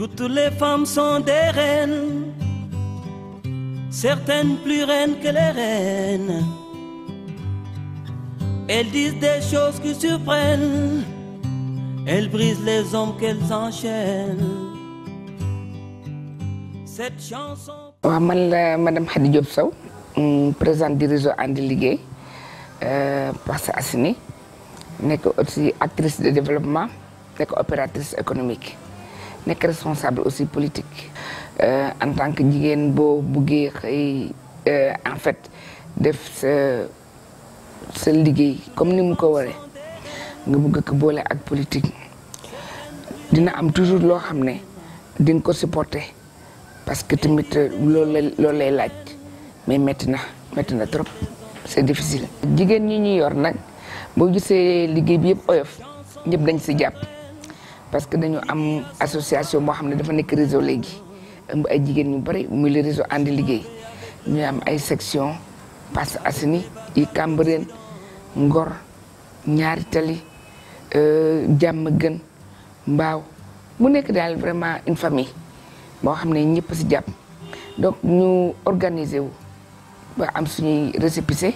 Toutes les femmes sont des reines, certaines plus reines que les reines. Elles disent des choses qui surprennent, elles brisent les hommes qu'elles enchaînent. Cette chanson. madame Hadid mm, présente du réseau Andi pour n'est aussi actrice de développement et opératrice économique. nek responsable aussi politique euh, en tant que bo bugué xey euh en fait def ce ce liguey comme nim ko waré nga bëgg ko bolé ak politique dina am toujours lo xamné ne ko supporter parce que timit lolé la laaj mais metna na trop c'est difficile. jigen ñi ñi yor nak bo gisé liguey bi yëpp oyof ñëp dañ ci japp parce que dañu am association qui xam dafa réseau Légui. Nous avons jigéen ñu bëri le réseau àndi liggéey ñu am ay section Parcelles Assainies yi Cambérène Ngor ñaari tali euh, jàmm gën mbaaw mu vraiment une famille boo xam ne ñëpp si donc ñu organiser wu ba am suñuy récépissé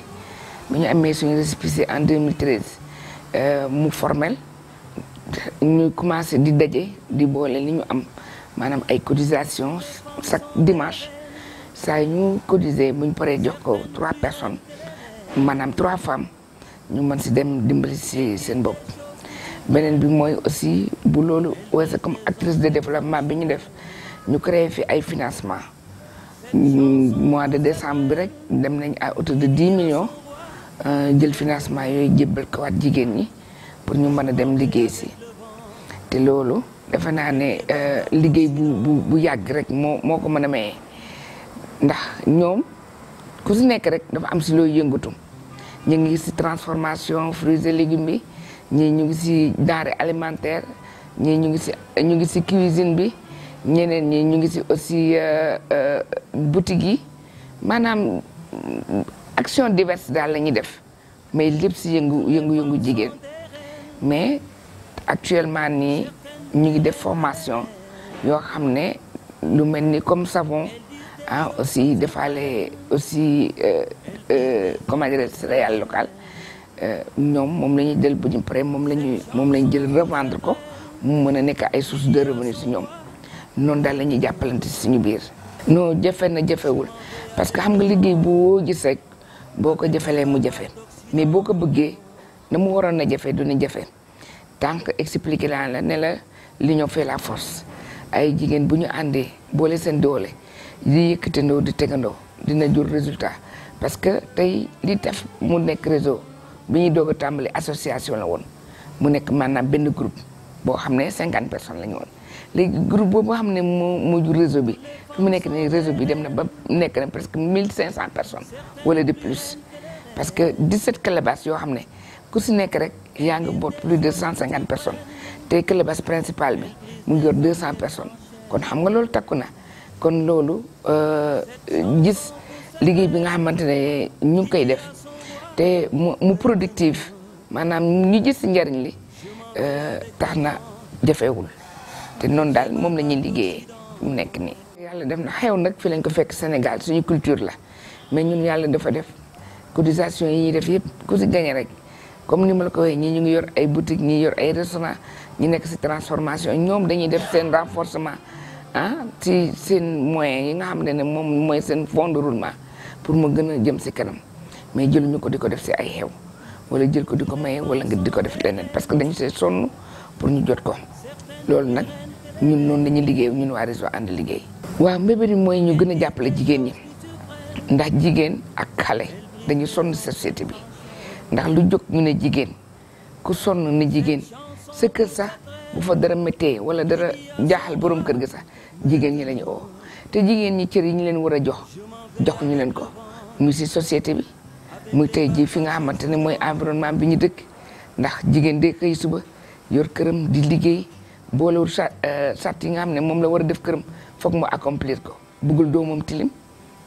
avons ñu amee suñu récépissé en 2013 euh, mu formel ñu commencé di daje di boole li ñu am maanaam ay cotisation chaque dimanche saa ñu cotisé bu ñu paree jox ko trois personnes maanaam trois femmes ñu mën si dem dimbali si seen bopp. beneen bi mooy aussi bu loolu weesoo comme actrice de développement bi ñu def ñu créé fi ay financement mois de décembre bi rek dem nañ à hauteur de dix millions euh, jël financement yooyu jébbal ko waat jigéen ñi pour ñu mën a dem liggéey si. loolu defe naa ne euh, liggéey bu bu bu yàgg rek moo moo ko mën a maye ndax ñoom ku si nekk rek dafa am si looy yëngatu ñu ngi si transformation fruits et légumes bi ñu ngi si denrée alimentaire ñii ñu ngi si ñu ngi si cuisine bi ñeneen ñi ñu ngi si aussi euh, euh, boutique yi maanaam action diverse daal la def mais lépp si yëngu yëngu-yëngu jigéen mais. actuellement ni ñu ngi def formation yoo xam lu melni comme savon ah aussi defaale aussi euh, euh, comment dirais céréales locales euh, ñoom moom la ñuy jël bu ñu paree moom la ñuy moom la ñu jël revendre ko mu mëna a ay source de revenus ci ñom non dal lañuy ñuy ci suñu biir. non jafe na jafewul parce que xam nga liggéey boo gis rek boo ko mu jafe mais boko bëggé bëggee na mu waroon a jafe du na jafe tànk expliquer la la ne la l'union fait la force ay jigen bu ñu àndee sen seen doole di yëkkatandoo di tegandoo dina jur résultat parce que tay li def mu nekk réseau bi ñuy doog a association la won mu nekk manam ben groupe bo xamné 50 personnes la ñu Les groupes groupe boobu nga xam réseau bi mu nekk réseau bi dem na ba nekk na presque mille cinq personnes wala de plus parce que dix sept yo xamné xam ku si nekk rek. yaa ngi boot plus de cent cinquante personnes te clubas principal bi mu ngi yor deux cent personnes kon xam nga loolu takku na kon loolu euh, gis liggéey bi nga xamante ne ñu ngi koy def te mu mu productif maanaam ñu gis njariñ li euh, tax na jafewul te noonu daal moom la ñuy liggéeyee mu nekk nii. yàlla def na xew nag fi lañ ko fekk Sénégal suñu culture la mais ñun yàlla dafa def cotisation yi ñuy def yëpp ku si gañe rek. comme ni ma la ko waxee ñi ñu ngi yor ay boutique ñi yor ay restaurant ñi nekk si transformation ñoom dañuy def seen renforcement ah ci seen moyen yi nga xam ne ne moom mooy seen fond de roulement pour mu gën a jëm si kanam mais jëluñu ko di ko def si ay xew wala jël ko di ko maye wala nga di ko def leneen parce que dañu see sonn pour ñu jot ko loolu nag ñun noonu dañuy liggéey ñun waa réseau ànd liggéey. waaw mbébét bi mooy ñu gën a jàppale jigéen ñi ndax jigéen ak xale dañu sonn société bi. ndax lu jóg ñu ne jigéen ku sonn ne jigéen sa sax bu fa dara méttee wala dara jaaxal borom kër ga sax jigéen ñi lañu ñu oo te jigéen ñi cër yi ñu leen war a jox jox ñu leen ko muy si société bi muy tey jii fi nga xamante ne mooy environnement bi ñu dëkk ndax jigéen de xëy suba yor këram di liggéey boolewul sa euh, sart yi nga xam ne moom la war a def këram foog mu accomplir ko bëggul doomam tilim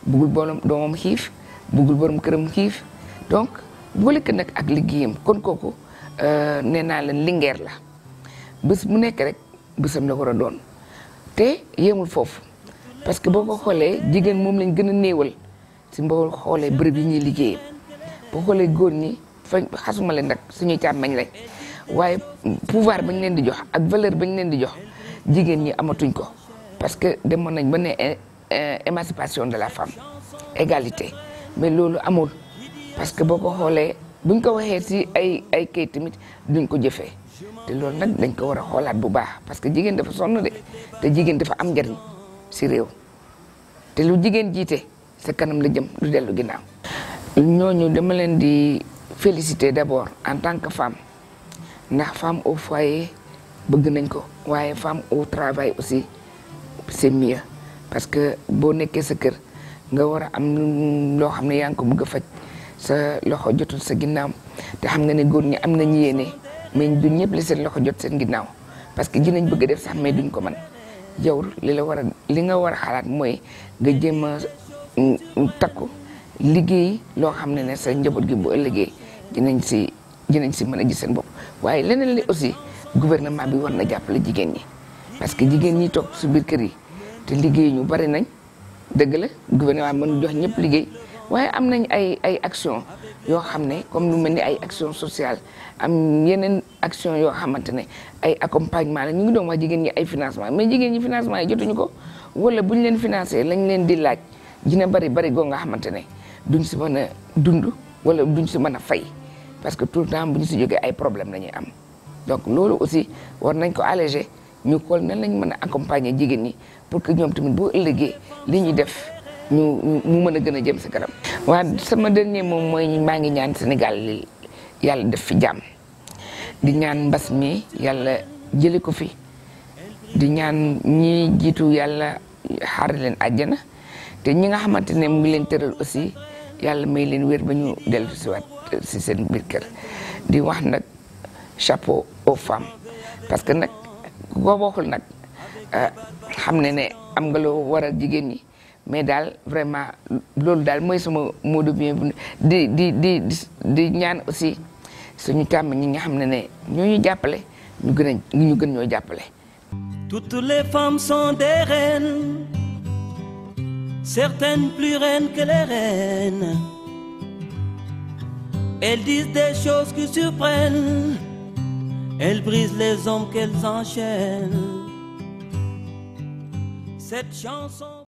bëggul boolem doomam xiif bëggul borom këram xiif donc boole ko nag ak liggéeyam kon kooku euh, nee naa leen lingeer la bés mu nekk rek bésam la war a doon te yemul foofu parce que boo ko xoolee jigéen moom lañ gën a néewal si boo xoolee bërëb yi ñuy liggéeyee boo xoolee góor ñi fa xasuma leen nag suñuy càmmañ lañ waaye pouvoir bañ leen di jox ak valeur bañ leen di jox jigéen ñi amatuñ ko parce que demoon nañ ba ne euh, émancipation de la femme égalité mais loolu amul. parce que boko xolé buñ ko waxé ci ay ay kay timit duñ ko jëfé té lool nak dañ ko wara xolaat bu baax parce que jigen dafa sonu dé té jigen dafa am njariñ ci réew té lu jigen jité sa kanam la jëm du dellu ginaaw ñoñu dama leen di féliciter d'abord en tant que femme ndax femme au foyer bëgg nañ ko waaye femme au travail aussi c'est mieux parce que bo nekké sa kër nga wara am lo xamné ne ko bëgg fajj sa loxo jotul sa ginnaaw te xam nga ne góor ñi am nañ yéene mais du ñëpp li seen loxo jot seen ginnaaw parce que dinañ bëgg def sax mais duñ ko man yow li la war a li nga war a xalaat mooy nga jéem a mm, takku liggéey loo xam ne ne sa njaboot gi bu ëllëgee dinañ si dinañ si mën a gis seen bopp waaye leneen li aussi gouvernement bi war na jàppale jigéen ñi parce que jigéen ñi toog su biir kër yi te liggéey ñu bari nañ dëgg la gouvernement mën jox ñëpp liggéey waaye am nañ ay ay action yoo xam ne comme lu mel ni ay action sociale am yeneen action yoo xamante ne ay accompagnement la ñu ngi doon wax jigéen ñi ay financement mais jigéen ñi financement yi ko wala bu ñu leen financé lañ leen di laaj dina bari bari goo nga xamante ne duñ si mën a dund wala duñ si mën a fay parce que tout le temps bu ñu si jógee ay problème la ñuy am donc loolu aussi war nañ ko alléger ñu xool na lañ mën a accompagner jigéen ñi pour que ñoom tamit boo ëllëgee li ñuy def ñu mu mën a gën a jëm sa kanam waaw sama dernier moom mooy maa ngi ñaan senegal li yàlla def fi jàmm di ñaan mbas mi yàlla jëli ko fi di ñaan ñi jiitu yàlla xaar leen àjjana te ñi nga xamante ne mu ngi leen tëral aussi yàlla may leen wér ba ñu dellu si si seen biir di wax nag chapeau aux femmes parce que nag boo waxul nag ah, xam ne ne am nga loo war a jigéen ñi mais dal vraiment loolu dal moy sama mot de bienvenue di di di di ñaan aussi suñu tam ñi nga xamné ne ñuy jappalé ñu ñu gën toutes les femmes sont des reines certaines plus reines que les reines elles disent des choses qui surprennent elles brisent les hommes qu'elles enchaînent cette chanson.